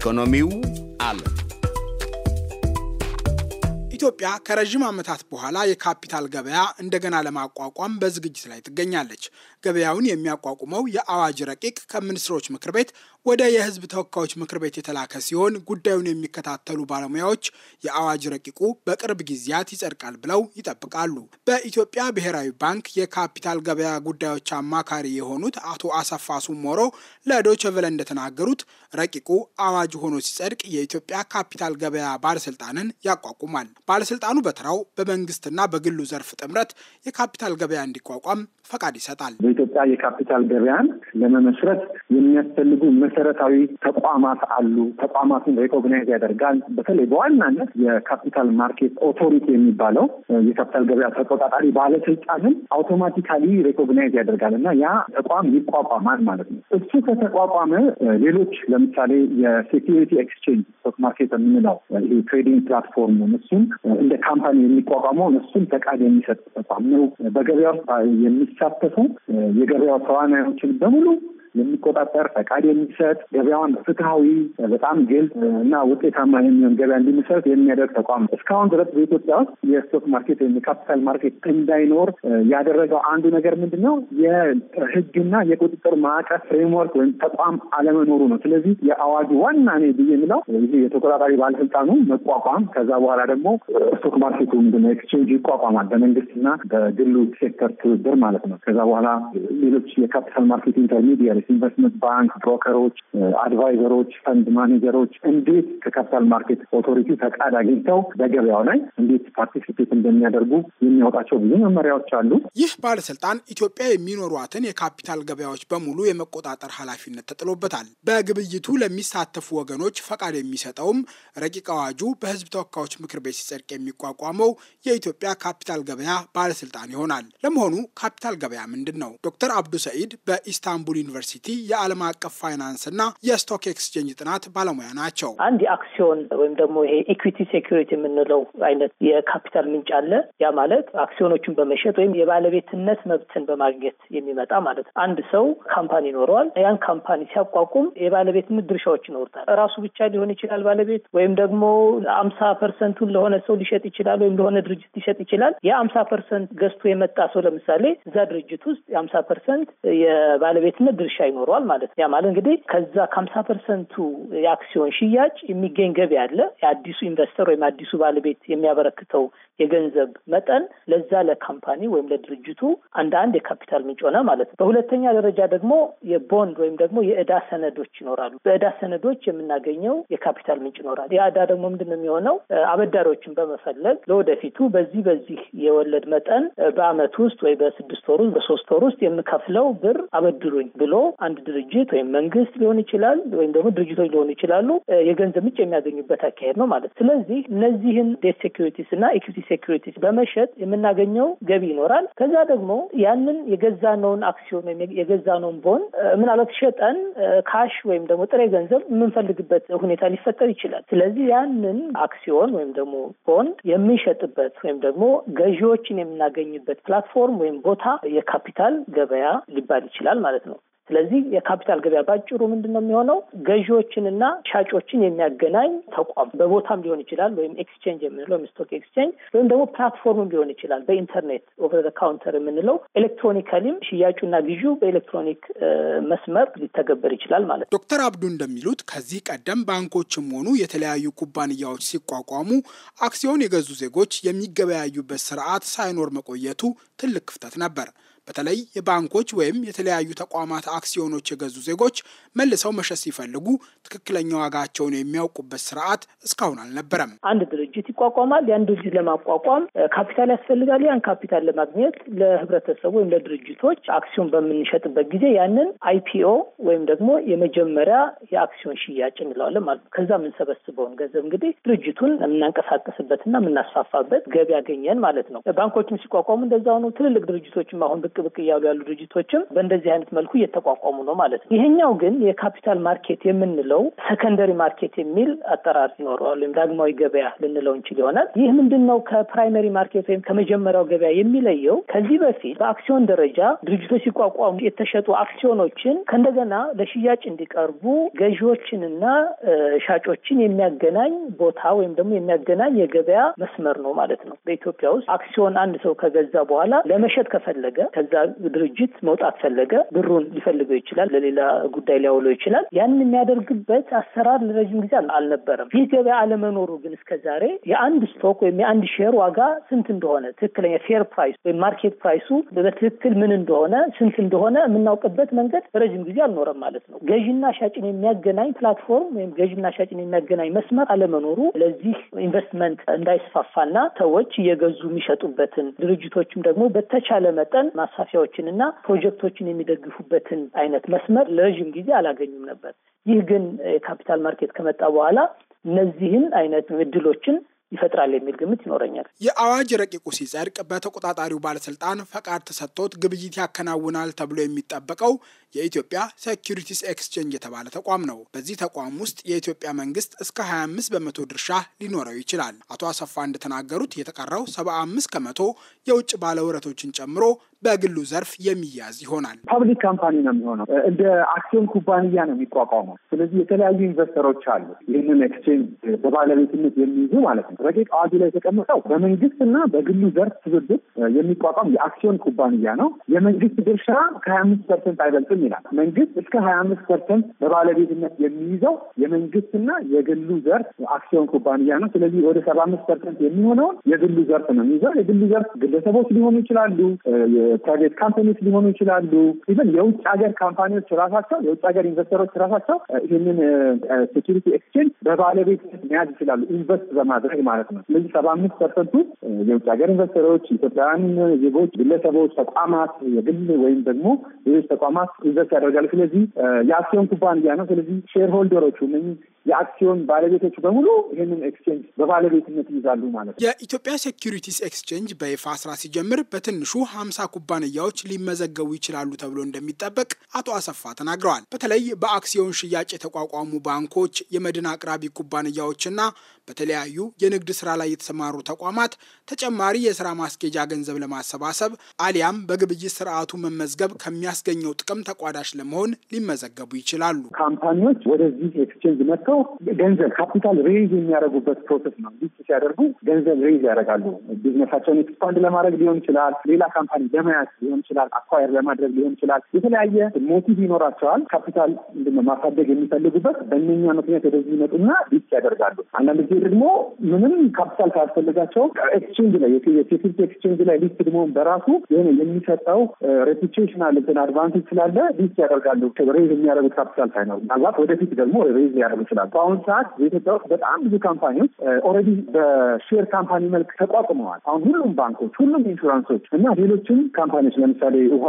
ekonomiu ale. ኢትዮጵያ ከረዥም ዓመታት በኋላ የካፒታል ገበያ እንደገና ለማቋቋም በዝግጅት ላይ ትገኛለች። ገበያውን የሚያቋቁመው የአዋጅ ረቂቅ ከሚኒስትሮች ምክር ቤት ወደ የሕዝብ ተወካዮች ምክር ቤት የተላከ ሲሆን ጉዳዩን የሚከታተሉ ባለሙያዎች የአዋጅ ረቂቁ በቅርብ ጊዜያት ይጸድቃል ብለው ይጠብቃሉ። በኢትዮጵያ ብሔራዊ ባንክ የካፒታል ገበያ ጉዳዮች አማካሪ የሆኑት አቶ አሰፋ ሱሞሮ ለዶይቼ እንደተናገሩት ረቂቁ አዋጅ ሆኖ ሲጸድቅ የኢትዮጵያ ካፒታል ገበያ ባለስልጣንን ያቋቁማል። ባለስልጣኑ በተራው በመንግስትና በግሉ ዘርፍ ጥምረት የካፒታል ገበያ እንዲቋቋም ፈቃድ ይሰጣል። በኢትዮጵያ የካፒታል ገበያን ለመመስረት የሚያስፈልጉ መሰረታዊ ተቋማት አሉ። ተቋማቱን ሬኮግናይዝ ያደርጋል። በተለይ በዋናነት የካፒታል ማርኬት ኦቶሪቲ የሚባለው የካፒታል ገበያ ተቆጣጣሪ ባለስልጣንን አውቶማቲካሊ ሬኮግናይዝ ያደርጋል እና ያ ተቋም ይቋቋማል ማለት ነው። እሱ ከተቋቋመ ሌሎች ለምሳሌ የሴኪሪቲ ኤክስቼንጅ ስቶክ ማርኬት የምንለው ይሄ ትሬዲንግ ፕላትፎርም እሱም እንደ ካምፓኒ የሚቋቋመው እሱን ፈቃድ የሚሰጥ ተቋም ነው። በገበያ ውስጥ የሚሳተፉ የገበያው ተዋናዮችን በሙሉ የሚቆጣጠር ፈቃድ የሚሰጥ ገበያዋን ፍትሐዊ፣ በጣም ግልጽ እና ውጤታማ የሚሆን ገበያ እንዲመሰረት የሚያደርግ ተቋም ነው። እስካሁን ድረስ በኢትዮጵያ ውስጥ የስቶክ ማርኬት ወይም የካፒታል ማርኬት እንዳይኖር ያደረገው አንዱ ነገር ምንድን ነው? የህግና የቁጥጥር ማዕቀፍ ፍሬምወርክ ወይም ተቋም አለመኖሩ ነው። ስለዚህ የአዋጁ ዋና ኔ ብዬ የምለው ይህ የተቆጣጣሪ ባለስልጣኑ መቋቋም፣ ከዛ በኋላ ደግሞ ስቶክ ማርኬቱ ምንድን ነው ኤክስቼንጅ ይቋቋማል በመንግስትና በግሉ ሴክተር ትብብር ማለት ነው። ከዛ በኋላ ሌሎች የካፒታል ማርኬት ኢንተርሚዲየሪ ኢንቨስትመንት ባንክ፣ ብሮከሮች፣ አድቫይዘሮች፣ ፈንድ ማኔጀሮች እንዴት ከካፒታል ማርኬት ኦቶሪቲ ፈቃድ አግኝተው በገበያው ላይ እንዴት ፓርቲሲፔት እንደሚያደርጉ የሚያወጣቸው ብዙ መመሪያዎች አሉ። ይህ ባለስልጣን ኢትዮጵያ የሚኖሯትን የካፒታል ገበያዎች በሙሉ የመቆጣጠር ኃላፊነት ተጥሎበታል። በግብይቱ ለሚሳተፉ ወገኖች ፈቃድ የሚሰጠውም ረቂቅ አዋጁ በህዝብ ተወካዮች ምክር ቤት ሲጸድቅ የሚቋቋመው የኢትዮጵያ ካፒታል ገበያ ባለስልጣን ይሆናል። ለመሆኑ ካፒታል ገበያ ምንድን ነው? ዶክተር አብዱ ሰኢድ በኢስታንቡል ዩኒቨርሲቲ ዩኒቨርሲቲ የዓለም አቀፍ ፋይናንስና የስቶክ ኤክስቼንጅ ጥናት ባለሙያ ናቸው። አንድ የአክሲዮን ወይም ደግሞ ይሄ ኢኩዊቲ ሴኩሪቲ የምንለው አይነት የካፒታል ምንጭ አለ። ያ ማለት አክሲዮኖቹን በመሸጥ ወይም የባለቤትነት መብትን በማግኘት የሚመጣ ማለት ነው። አንድ ሰው ካምፓኒ ይኖረዋል። ያን ካምፓኒ ሲያቋቁም የባለቤትነት ድርሻዎች ይኖሩታል። ራሱ ብቻ ሊሆን ይችላል ባለቤት ወይም ደግሞ አምሳ ፐርሰንቱን ለሆነ ሰው ሊሸጥ ይችላል፣ ወይም ለሆነ ድርጅት ሊሸጥ ይችላል። የአምሳ ፐርሰንት ገዝቶ የመጣ ሰው ለምሳሌ እዛ ድርጅት ውስጥ የአምሳ ፐርሰንት የባለቤትነት ድርሻ ይኖረዋል ማለት ነው። ያ ማለት እንግዲህ ከዛ ከሀምሳ ፐርሰንቱ የአክሲዮን ሽያጭ የሚገኝ ገቢ አለ። የአዲሱ ኢንቨስተር ወይም አዲሱ ባለቤት የሚያበረክተው የገንዘብ መጠን ለዛ ለካምፓኒ ወይም ለድርጅቱ አንድ አንድ የካፒታል ምንጭ ሆነ ማለት ነው። በሁለተኛ ደረጃ ደግሞ የቦንድ ወይም ደግሞ የእዳ ሰነዶች ይኖራሉ። በእዳ ሰነዶች የምናገኘው የካፒታል ምንጭ ይኖራል። ያ እዳ ደግሞ ምንድን ነው የሚሆነው? አበዳሪዎችን በመፈለግ ለወደፊቱ በዚህ በዚህ የወለድ መጠን በአመት ውስጥ ወይ በስድስት ወር ውስጥ በሶስት ወር ውስጥ የምከፍለው ብር አበድሩኝ ብሎ አንድ ድርጅት ወይም መንግስት ሊሆን ይችላል ወይም ደግሞ ድርጅቶች ሊሆኑ ይችላሉ የገንዘብ ምንጭ የሚያገኙበት አካሄድ ነው ማለት። ስለዚህ እነዚህን ዴት ሴኪሪቲስ እና ኢኩቲ ሴኪሪቲስ በመሸጥ የምናገኘው ገቢ ይኖራል። ከዛ ደግሞ ያንን የገዛነውን አክሲዮን ወይም የገዛነውን ቦን ምናልባት ሸጠን ካሽ ወይም ደግሞ ጥሬ ገንዘብ የምንፈልግበት ሁኔታ ሊፈጠር ይችላል። ስለዚህ ያንን አክሲዮን ወይም ደግሞ ቦንድ የምንሸጥበት ወይም ደግሞ ገዢዎችን የምናገኝበት ፕላትፎርም ወይም ቦታ የካፒታል ገበያ ሊባል ይችላል ማለት ነው። ስለዚህ የካፒታል ገበያ ባጭሩ ምንድን ነው የሚሆነው? ገዢዎችንና ሻጮችን የሚያገናኝ ተቋም በቦታም ሊሆን ይችላል፣ ወይም ኤክስቼንጅ የምንለው ወይም ስቶክ ኤክስቼንጅ ወይም ደግሞ ፕላትፎርም ሊሆን ይችላል። በኢንተርኔት ኦቨር ዘ ካውንተር የምንለው ኤሌክትሮኒካሊም ሽያጩና ግዢ በኤሌክትሮኒክ መስመር ሊተገበር ይችላል ማለት ነው። ዶክተር አብዱ እንደሚሉት ከዚህ ቀደም ባንኮችም ሆኑ የተለያዩ ኩባንያዎች ሲቋቋሙ አክሲዮን የገዙ ዜጎች የሚገበያዩበት ስርዓት ሳይኖር መቆየቱ ትልቅ ክፍተት ነበር። በተለይ የባንኮች ወይም የተለያዩ ተቋማት አክሲዮኖች የገዙ ዜጎች መልሰው መሸጥ ሲፈልጉ ትክክለኛ ዋጋቸውን የሚያውቁበት ስርዓት እስካሁን አልነበረም። አንድ ድርጅት ይቋቋማል። ያን ድርጅት ለማቋቋም ካፒታል ያስፈልጋል። ያን ካፒታል ለማግኘት ለህብረተሰቡ ወይም ለድርጅቶች አክሲዮን በምንሸጥበት ጊዜ ያንን አይፒኦ ወይም ደግሞ የመጀመሪያ የአክሲዮን ሽያጭ እንለዋለን ማለት ነው። ከዛ የምንሰበስበውን ገንዘብ እንግዲህ ድርጅቱን የምናንቀሳቀስበትና የምናስፋፋበት ገቢ ያገኘን ማለት ነው። ባንኮችም ሲቋቋሙ እንደዛ ነው። ትልልቅ ድርጅቶችም አሁን ብቅ ብቅ እያሉ ያሉ ድርጅቶችም በእንደዚህ አይነት መልኩ እየተቋቋሙ ነው ማለት ነው። ይሄኛው ግን የካፒታል ማርኬት የምንለው ሰከንደሪ ማርኬት የሚል አጠራር ይኖረዋል፣ ወይም ዳግማዊ ገበያ ልንለው እንችል ይሆናል። ይህ ምንድን ነው ከፕራይመሪ ማርኬት ወይም ከመጀመሪያው ገበያ የሚለየው ከዚህ በፊት በአክሲዮን ደረጃ ድርጅቶች ሲቋቋሙ የተሸጡ አክሲዮኖችን ከእንደገና ለሽያጭ እንዲቀርቡ ገዢዎችንና ሻጮችን የሚያገናኝ ቦታ ወይም ደግሞ የሚያገናኝ የገበያ መስመር ነው ማለት ነው። በኢትዮጵያ ውስጥ አክሲዮን አንድ ሰው ከገዛ በኋላ ለመሸጥ ከፈለገ ከዛ ድርጅት መውጣት ፈለገ፣ ብሩን ሊፈልገው ይችላል፣ ለሌላ ጉዳይ ሊያውለው ይችላል። ያንን የሚያደርግበት አሰራር ለረዥም ጊዜ አልነበረም። ይህ ገበያ አለመኖሩ ግን እስከዛሬ የአንድ ስቶክ ወይም የአንድ ሼር ዋጋ ስንት እንደሆነ ትክክለኛ ፌር ፕራይስ ወይም ማርኬት ፕራይሱ በትክክል ምን እንደሆነ ስንት እንደሆነ የምናውቅበት መንገድ ረዥም ጊዜ አልኖረም ማለት ነው። ገዥና ሻጭን የሚያገናኝ ፕላትፎርም ወይም ገዥና ሻጭን የሚያገናኝ መስመር አለመኖሩ ለዚህ ኢንቨስትመንት እንዳይስፋፋና ሰዎች እየገዙ የሚሸጡበትን ድርጅቶችም ደግሞ በተቻለ መጠን ማስፋፊያዎችንና ፕሮጀክቶችን የሚደግፉበትን አይነት መስመር ለረዥም ጊዜ አላገኙም ነበር። ይህ ግን የካፒታል ማርኬት ከመጣ በኋላ እነዚህን አይነት እድሎችን ይፈጥራል የሚል ግምት ይኖረኛል። የአዋጅ ረቂቁ ሲጸድቅ በተቆጣጣሪው ባለስልጣን ፈቃድ ተሰጥቶት ግብይት ያከናውናል ተብሎ የሚጠበቀው የኢትዮጵያ ሴኪሪቲስ ኤክስቼንጅ የተባለ ተቋም ነው። በዚህ ተቋም ውስጥ የኢትዮጵያ መንግስት እስከ 25 በመቶ ድርሻ ሊኖረው ይችላል። አቶ አሰፋ እንደተናገሩት የተቀረው 75 ከመቶ የውጭ ባለውረቶችን ጨምሮ በግሉ ዘርፍ የሚያዝ ይሆናል። ፐብሊክ ካምፓኒ ነው የሚሆነው። እንደ አክሲዮን ኩባንያ ነው የሚቋቋመው። ስለዚህ የተለያዩ ኢንቨስተሮች አሉ፣ ይህንን ኤክስቼንጅ በባለቤትነት የሚይዙ ማለት ነው። ረቂቅ አዋጁ ላይ የተቀመጠው እና በግሉ ዘርፍ ትብብር የሚቋቋም የአክሲዮን ኩባንያ ነው። የመንግስት ድርሻ ከሀያ አምስት ፐርሰንት አይበልጥም ይላል። መንግስት እስከ ሀያ አምስት ፐርሰንት በባለቤትነት የሚይዘው የመንግስትና የግሉ ዘርፍ አክሲዮን ኩባንያ ነው። ስለዚህ ወደ ሰባ አምስት ፐርሰንት የሚሆነውን የግሉ ዘርፍ ነው የሚይዘው። የግሉ ዘርፍ ግለሰቦች ሊሆኑ ይችላሉ ፕራይቬት ካምፓኒዎች ሊሆኑ ይችላሉ። ኢቨን የውጭ ሀገር ካምፓኒዎች ራሳቸው የውጭ ሀገር ኢንቨስተሮች ራሳቸው ይህንን ሴኪሪቲ ኤክስቼንጅ በባለቤትነት መያዝ ይችላሉ፣ ኢንቨስት በማድረግ ማለት ነው። ስለዚህ ሰባ አምስት ፐርሰንቱ የውጭ ሀገር ኢንቨስተሮች፣ ኢትዮጵያውያን ዜጎች፣ ግለሰቦች፣ ተቋማት የግል ወይም ደግሞ ሌሎች ተቋማት ኢንቨስት ያደርጋሉ። ስለዚህ የአክሲዮን ኩባንያ ነው። ስለዚህ ሼርሆልደሮቹ የአክሲዮን ባለቤቶቹ በሙሉ ይህንን ኤክስቼንጅ በባለቤትነት ይይዛሉ ማለት ነው። የኢትዮጵያ ሴኪሪቲስ ኤክስቼንጅ በይፋ ስራ ሲጀምር በትንሹ ሀምሳ ኩባንያዎች ሊመዘገቡ ይችላሉ ተብሎ እንደሚጠበቅ አቶ አሰፋ ተናግረዋል። በተለይ በአክሲዮን ሽያጭ የተቋቋሙ ባንኮች፣ የመድን አቅራቢ ኩባንያዎችና በተለያዩ የንግድ ስራ ላይ የተሰማሩ ተቋማት ተጨማሪ የስራ ማስኬጃ ገንዘብ ለማሰባሰብ አሊያም በግብይት ስርዓቱ መመዝገብ ከሚያስገኘው ጥቅም ተቋዳሽ ለመሆን ሊመዘገቡ ይችላሉ። ካምፓኒዎች ወደዚህ ኤክስቼንጅ መጥተው ገንዘብ ካፒታል ሬይዝ የሚያደርጉበት ፕሮሰስ ነው። ሲያደርጉ ገንዘብ ሬይዝ ያደርጋሉ። ቢዝነሳቸውን ኤክስፓንድ ለማድረግ ሊሆን ይችላል። ሌላ ካምፓኒ ለመያዝ ሊሆን ይችላል፣ አኳየር ለማድረግ ሊሆን ይችላል። የተለያየ ሞቲቭ ይኖራቸዋል። ካፒታል ምንድነው ማሳደግ የሚፈልጉበት በእነኛ ምክንያት ወደዚህ ይመጡና ቢት ያደርጋሉ። አንዳንድ ጊዜ ደግሞ ምንም ካፒታል ካስፈልጋቸው ኤክስቼንጅ ላይ የሴኩሪቲ ኤክስቼንጅ ላይ ሊስት ደግሞ በራሱ የሆነ የሚሰጠው ሬፑቴሽናል እንትን አድቫንቴጅ ስላለ ቢት ያደርጋሉ። ሬዝ የሚያደርጉት ካፒታል ሳይኖር ምናልባት ወደፊት ደግሞ ሬዝ ሊያደርጉ ይችላል። በአሁኑ ሰዓት በኢትዮጵያ ውስጥ በጣም ብዙ ካምፓኒዎች ኦልሬዲ በሼር ካምፓኒ መልክ ተቋቁመዋል። አሁን ሁሉም ባንኮች፣ ሁሉም ኢንሹራንሶች እና ሌሎችም ካምፓኒዎች ለምሳሌ ውሃ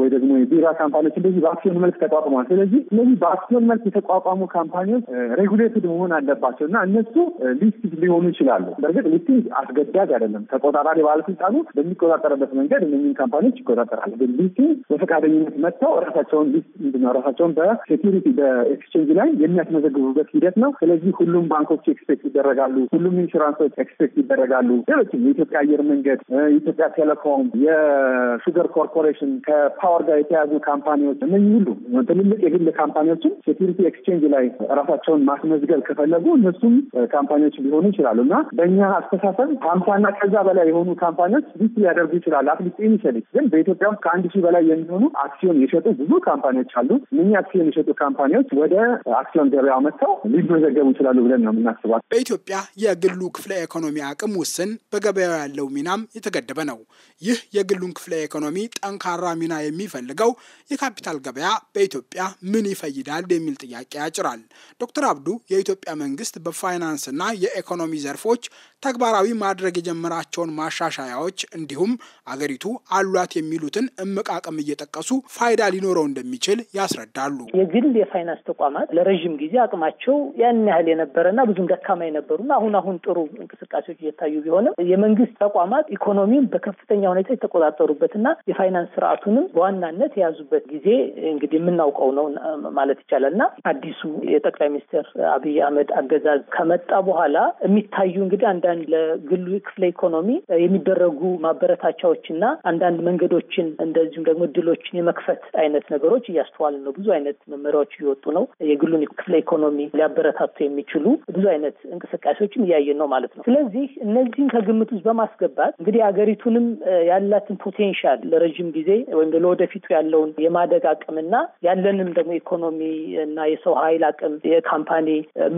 ወይ ደግሞ የቢራ ካምፓኒዎች እንደዚህ በአክሲዮን መልክ ተቋቁመዋል። ስለዚህ እነዚህ በአክሲዮን መልክ የተቋቋሙ ካምፓኒዎች ሬጉሌትድ መሆን አለባቸው እና እነሱ ሊስት ሊሆኑ ይችላሉ። በእርግጥ ሊስቲንግ አስገዳጅ አይደለም። ተቆጣጣሪ ባለስልጣኑ በሚቆጣጠርበት መንገድ እነኝን ካምፓኒዎች ይቆጣጠራል። ግን ሊስቲንግ በፈቃደኝነት መጥተው ራሳቸውን ሊስት ምንድነው ራሳቸውን በሴኪሪቲ በኤክስቼንጅ ላይ የሚያስመዘግቡበት ሂደት ነው። ስለዚህ ሁሉም ባንኮች ኤክስፔክት ይደረጋሉ። ሁሉም ኢንሹራንሶች ኤክስፔክት ይደረጋሉ። ሌሎችም የኢትዮጵያ አየር መንገድ፣ የኢትዮጵያ ቴሌኮም፣ ከሹገር ኮርፖሬሽን ከፓወር ጋር የተያዙ ካምፓኒዎች እነ ሁሉ ትልልቅ የግል ካምፓኒዎችን ሴኪሪቲ ኤክስቼንጅ ላይ ራሳቸውን ማስመዝገብ ከፈለጉ እነሱም ካምፓኒዎች ሊሆኑ ይችላሉ እና በእኛ አስተሳሰብ ሀምሳና ከዛ በላይ የሆኑ ካምፓኒዎች ሊስት ሊያደርጉ ይችላሉ። አትሊስት ኢኒሽሊ ግን በኢትዮጵያ ውስጥ ከአንድ ሺህ በላይ የሚሆኑ አክሲዮን የሸጡ ብዙ ካምፓኒዎች አሉ። እነኚህ አክሲዮን የሸጡ ካምፓኒዎች ወደ አክሲዮን ገበያ መጥተው ሊመዘገቡ ይችላሉ ብለን ነው የምናስባል። በኢትዮጵያ የግሉ ክፍለ ኢኮኖሚ አቅም ውስን፣ በገበያው ያለው ሚናም የተገደበ ነው። ይህ የግሉን ክፍለ ኢኮኖሚ ጠንካራ ሚና የሚፈልገው የካፒታል ገበያ በኢትዮጵያ ምን ይፈይዳል የሚል ጥያቄ ያጭራል። ዶክተር አብዱ የኢትዮጵያ መንግስት በፋይናንስና የኢኮኖሚ ዘርፎች ተግባራዊ ማድረግ የጀመራቸውን ማሻሻያዎች እንዲሁም አገሪቱ አሏት የሚሉትን እምቅ አቅም እየጠቀሱ ፋይዳ ሊኖረው እንደሚችል ያስረዳሉ። የግል የፋይናንስ ተቋማት ለረዥም ጊዜ አቅማቸው ያን ያህል የነበረና ብዙም ደካማ የነበሩና አሁን አሁን ጥሩ እንቅስቃሴዎች እየታዩ ቢሆንም የመንግስት ተቋማት ኢኮኖሚን በከፍተኛ ሁኔታ የተቆጣጠሩበትና የፋይናንስ ስርዓቱንም በዋናነት የያዙበት ጊዜ እንግዲህ የምናውቀው ነው ማለት ይቻላል እና አዲሱ የጠቅላይ ሚኒስትር አብይ አህመድ አገዛዝ ከመጣ በኋላ የሚታዩ እንግዲህ አንዳንድ ለመጠን ለግሉ ክፍለ ኢኮኖሚ የሚደረጉ ማበረታቻዎች አንዳንድ መንገዶችን እንደዚሁም ደግሞ እድሎችን የመክፈት አይነት ነገሮች እያስተዋል ነው። ብዙ አይነት መመሪያዎች እየወጡ ነው። የግሉን ክፍለ ኢኮኖሚ ሊያበረታቱ የሚችሉ ብዙ አይነት እንቅስቃሴዎችም እያየን ነው ማለት ነው። ስለዚህ እነዚህን ከግምት ውስጥ በማስገባት እንግዲህ ሀገሪቱንም ያላትን ፖቴንሻል ለረዥም ጊዜ ወይም ለወደፊቱ ያለውን የማደግ አቅምና ያለንም ደግሞ ኢኮኖሚ እና የሰው ኃይል አቅም የካምፓኒ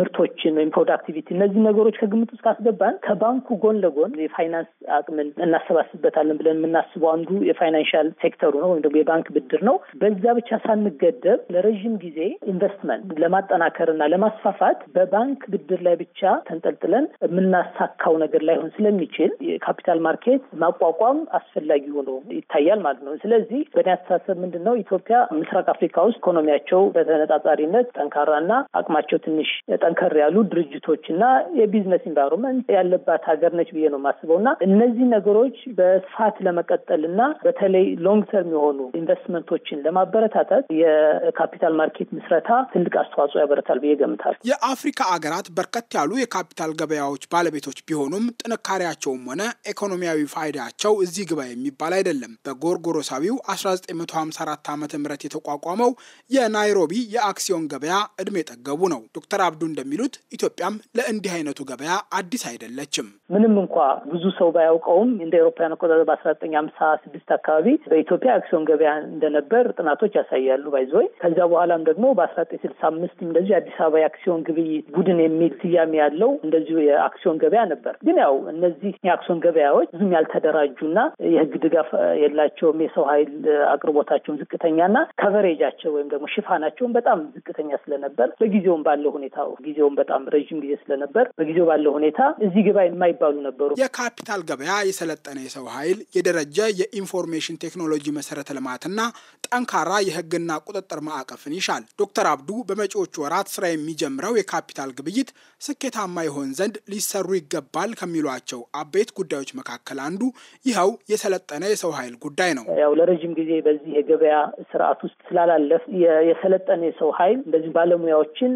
ምርቶችን ወይም ፕሮዳክቲቪቲ እነዚህ ነገሮች ከግምት ውስጥ ካስገባን ከባንኩ ጎን ለጎን የፋይናንስ አቅምን እናሰባስበታለን ብለን የምናስበው አንዱ የፋይናንሻል ሴክተሩ ነው ወይም ደግሞ የባንክ ብድር ነው። በዛ ብቻ ሳንገደብ ለረዥም ጊዜ ኢንቨስትመንት ለማጠናከር እና ለማስፋፋት በባንክ ብድር ላይ ብቻ ተንጠልጥለን የምናሳካው ነገር ላይሆን ስለሚችል የካፒታል ማርኬት ማቋቋም አስፈላጊ ሆኖ ይታያል ማለት ነው። ስለዚህ በእኔ አስተሳሰብ ምንድን ነው ኢትዮጵያ ምስራቅ አፍሪካ ውስጥ ኢኮኖሚያቸው በተነጣጣሪነት ጠንካራና አቅማቸው ትንሽ ጠንከር ያሉ ድርጅቶች እና የቢዝነስ ኢንቫይሮንመንት ያለ ያለባት ሀገር ነች ብዬ ነው የማስበው እና እነዚህ ነገሮች በስፋት ለመቀጠል እና በተለይ ሎንግ ተርም የሆኑ ኢንቨስትመንቶችን ለማበረታታት የካፒታል ማርኬት ምስረታ ትልቅ አስተዋጽኦ ያበረታል ብዬ ገምታል። የአፍሪካ አገራት በርከት ያሉ የካፒታል ገበያዎች ባለቤቶች ቢሆኑም ጥንካሬያቸውም ሆነ ኢኮኖሚያዊ ፋይዳቸው እዚህ ግባ የሚባል አይደለም። በጎርጎሮሳዊው 1954 ዓ ም የተቋቋመው የናይሮቢ የአክሲዮን ገበያ እድሜ ጠገቡ ነው። ዶክተር አብዱ እንደሚሉት ኢትዮጵያም ለእንዲህ አይነቱ ገበያ አዲስ አይደለም። አይደለችም። ምንም እንኳ ብዙ ሰው ባያውቀውም እንደ ኤሮፓያን አቆጣጠር በአስራ ዘጠኝ ሀምሳ ስድስት አካባቢ በኢትዮጵያ አክሲዮን ገበያ እንደነበር ጥናቶች ያሳያሉ። ባይዘወይ ከዚያ በኋላም ደግሞ በአስራ ዘጠኝ ስልሳ አምስት እንደዚሁ የአዲስ አበባ የአክሲዮን ግብይት ቡድን የሚል ስያሜ ያለው እንደዚሁ የአክሲዮን ገበያ ነበር። ግን ያው እነዚህ የአክሲዮን ገበያዎች ብዙም ያልተደራጁና የህግ ድጋፍ የላቸውም። የሰው ኃይል አቅርቦታቸውም ዝቅተኛና ከቨሬጃቸው ወይም ደግሞ ሽፋናቸውን በጣም ዝቅተኛ ስለነበር በጊዜውም ባለው ሁኔታ ጊዜውም በጣም ረዥም ጊዜ ስለነበር በጊዜው ባለው ሁኔታ እዚህ ይግባ የማይባሉ ነበሩ። የካፒታል ገበያ፣ የሰለጠነ የሰው ኃይል፣ የደረጀ የኢንፎርሜሽን ቴክኖሎጂ መሰረተ ልማትና ጠንካራ የህግና ቁጥጥር ማዕቀፍን ይሻል። ዶክተር አብዱ በመጪዎቹ ወራት ስራ የሚጀምረው የካፒታል ግብይት ስኬታማ ይሆን ዘንድ ሊሰሩ ይገባል ከሚሏቸው አበይት ጉዳዮች መካከል አንዱ ይኸው የሰለጠነ የሰው ኃይል ጉዳይ ነው። ያው ለረዥም ጊዜ በዚህ የገበያ ስርዓት ውስጥ ስላላለፍ የሰለጠነ የሰው ኃይል እንደዚህ ባለሙያዎችን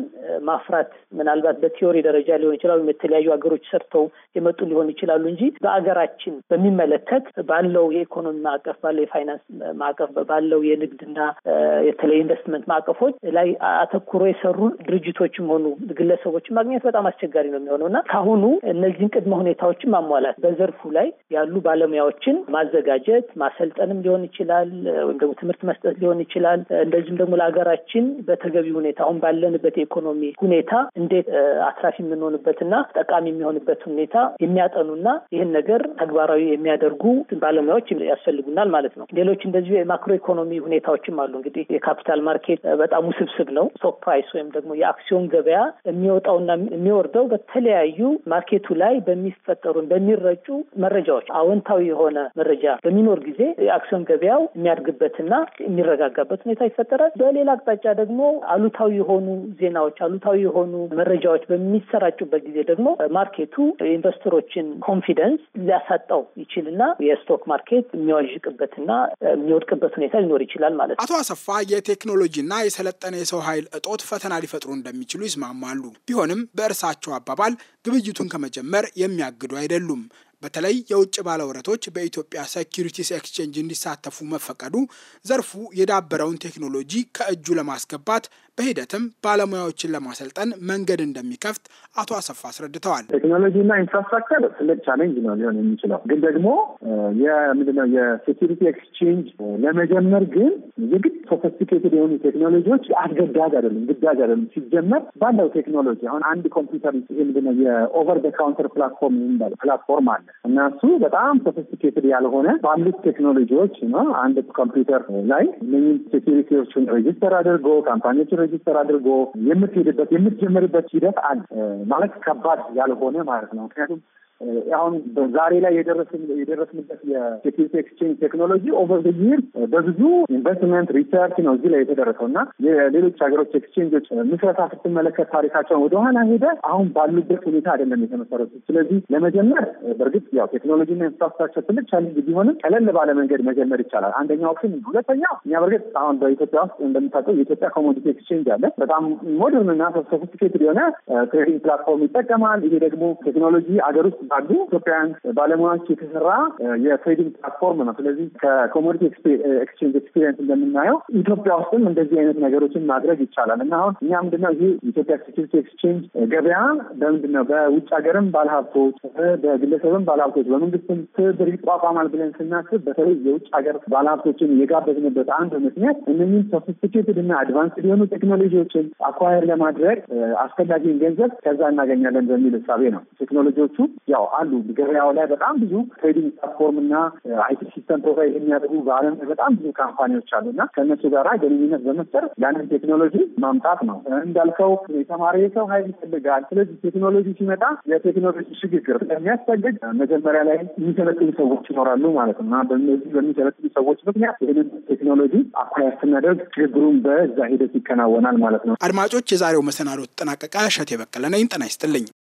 ማፍራት ምናልባት በቲዮሪ ደረጃ ሊሆን ይችላል የተለያዩ ሀገሮች ሰርተው ተመልሰው የመጡ ሊሆን ይችላሉ እንጂ በአገራችን በሚመለከት ባለው የኢኮኖሚ ማዕቀፍ ባለው የፋይናንስ ማዕቀፍ ባለው የንግድና የተለይ ኢንቨስትመንት ማዕቀፎች ላይ አተኩሮ የሰሩ ድርጅቶችም ሆኑ ግለሰቦችን ማግኘት በጣም አስቸጋሪ ነው የሚሆነው እና ካሁኑ እነዚህን ቅድመ ሁኔታዎችን ማሟላት በዘርፉ ላይ ያሉ ባለሙያዎችን ማዘጋጀት ማሰልጠንም ሊሆን ይችላል ወይም ደግሞ ትምህርት መስጠት ሊሆን ይችላል። እንደዚሁም ደግሞ ለሀገራችን በተገቢ ሁኔታ አሁን ባለንበት የኢኮኖሚ ሁኔታ እንዴት አትራፊ የምንሆንበትና ጠቃሚ የሚሆንበት ሁኔታ የሚያጠኑና ይህን ነገር ተግባራዊ የሚያደርጉ ባለሙያዎች ያስፈልጉናል ማለት ነው። ሌሎች እንደዚሁ የማክሮ ኢኮኖሚ ሁኔታዎችም አሉ። እንግዲህ የካፒታል ማርኬት በጣም ውስብስብ ነው። ስቶክ ፕራይስ ወይም ደግሞ የአክሲዮን ገበያ የሚወጣውና የሚወርደው በተለያዩ ማርኬቱ ላይ በሚፈጠሩ በሚረጩ መረጃዎች፣ አዎንታዊ የሆነ መረጃ በሚኖር ጊዜ የአክሲዮን ገበያው የሚያድግበትና የሚረጋጋበት ሁኔታ ይፈጠራል። በሌላ አቅጣጫ ደግሞ አሉታዊ የሆኑ ዜናዎች፣ አሉታዊ የሆኑ መረጃዎች በሚሰራጩበት ጊዜ ደግሞ ማርኬቱ የኢንቨስተሮችን ኮንፊደንስ ሊያሳጣው ይችልና የስቶክ ማርኬት የሚዋዥቅበትና የሚወድቅበት ሁኔታ ሊኖር ይችላል ማለት ነው። አቶ አሰፋ የቴክኖሎጂና የሰለጠነ የሰው ኃይል እጦት ፈተና ሊፈጥሩ እንደሚችሉ ይስማማሉ። ቢሆንም በእርሳቸው አባባል ግብይቱን ከመጀመር የሚያግዱ አይደሉም። በተለይ የውጭ ባለውረቶች በኢትዮጵያ ሴኪሪቲስ ኤክስቼንጅ እንዲሳተፉ መፈቀዱ ዘርፉ የዳበረውን ቴክኖሎጂ ከእጁ ለማስገባት በሂደትም ባለሙያዎችን ለማሰልጠን መንገድ እንደሚከፍት አቶ አሰፋ አስረድተዋል። ቴክኖሎጂና ኢንፍራስትራክቸር ትልቅ ቻሌንጅ ነው ሊሆን የሚችለው ግን ደግሞ የምንድነው የሴኪሪቲ ኤክስቼንጅ ለመጀመር ግን የግድ ሶፊስቲኬትድ የሆኑ ቴክኖሎጂዎች አስገዳጅ አይደለም፣ ግዳጅ አይደለም። ሲጀመር ባለው ቴክኖሎጂ አሁን አንድ ኮምፒውተር ይሄ ምንድነው የኦቨር ደ ካውንተር ፕላትፎርም ፕላትፎርም አለ እና እሱ በጣም ሶፊስቲኬትድ ያልሆነ ባሉት ቴክኖሎጂዎች ነ አንድ ኮምፒውተር ላይ እነኝም ሴኪሪቲዎችን ሬጅስተር አድርጎ ካምፓኒዎችን ሬጅስተር አድርጎ የምትሄድበት የምትጀምርበት ሂደት አለ ማለት ከባድ ያልሆነ ማለት ነው ምክንያቱም አሁን በዛሬ ላይ የደረስንበት የሴኪሪቲ ኤክስቼንጅ ቴክኖሎጂ ኦቨር ዘ ይር በብዙ ኢንቨስትመንት ሪሰርች ነው እዚህ ላይ የተደረሰው እና የሌሎች ሀገሮች ኤክስቼንጆች ምስረታ ስትመለከት ታሪካቸውን ወደኋላ ሄደ አሁን ባሉበት ሁኔታ አይደለም የተመሰረቱ። ስለዚህ ለመጀመር በእርግጥ ያው ቴክኖሎጂና ኢንፍራስትራክቸር ትልቅ ቻሌንጅ ቢሆንም ቀለል ባለ መንገድ መጀመር ይቻላል። አንደኛው ኦፕሽን። ሁለተኛ እኛ በእርግጥ አሁን በኢትዮጵያ ውስጥ እንደምታውቀው የኢትዮጵያ ኮሞዲቲ ኤክስቼንጅ አለ። በጣም ሞደርን እና ሶፊስቲኬትድ የሆነ ትሬዲንግ ፕላትፎርም ይጠቀማል። ይሄ ደግሞ ቴክኖሎጂ አገር ውስጥ አሉ ኢትዮጵያውያን ባለሙያዎች የተሰራ የትሬዲንግ ፕላትፎርም ነው። ስለዚህ ከኮሞዲቲ ኤክስቼንጅ ኤክስፒሪየንስ እንደምናየው ኢትዮጵያ ውስጥም እንደዚህ አይነት ነገሮችን ማድረግ ይቻላል እና አሁን እኛ ምንድነው ይህ ኢትዮጵያ ሴኪሪቲ ኤክስቼንጅ ገበያ በምንድነው በውጭ ሀገርም ባለሀብቶች፣ በግለሰብም ባለሀብቶች፣ በመንግስትም ትብብር ይቋቋማል ብለን ስናስብ በተለይ የውጭ ሀገር ባለሀብቶችን የጋበዝንበት አንዱ ምክንያት እነኝም ሶፊስቲኬትድ እና አድቫንስድ የሆኑ ቴክኖሎጂዎችን አኳየር ለማድረግ አስፈላጊውን ገንዘብ ከዛ እናገኛለን በሚል እሳቤ ነው ቴክኖሎጂዎቹ ያው አሉ ገበያው ላይ በጣም ብዙ ትሬዲንግ ፕላትፎርም እና አይቲ ሲስተም ፕሮቫይድ የሚያደርጉ በዓለም በጣም ብዙ ካምፓኒዎች አሉ እና ከእነሱ ጋራ ግንኙነት በመፍጠር ያንን ቴክኖሎጂ ማምጣት ነው። እንዳልከው የተማሪ ሰው ኃይል ይፈልጋል። ስለዚህ ቴክኖሎጂ ሲመጣ የቴክኖሎጂ ሽግግር ስለሚያስፈልግ መጀመሪያ ላይ የሚሰለጥኑ ሰዎች ይኖራሉ ማለት ነው። በእነዚህ በሚሰለጥኑ ሰዎች ምክንያት ይህንን ቴክኖሎጂ አኳያ ስናደርግ ሽግግሩን በዛ ሂደት ይከናወናል ማለት ነው። አድማጮች፣ የዛሬው መሰናዶ ተጠናቀቀ። እሸቴ በቀለ ነኝ። ጤና ይስጥልኝ።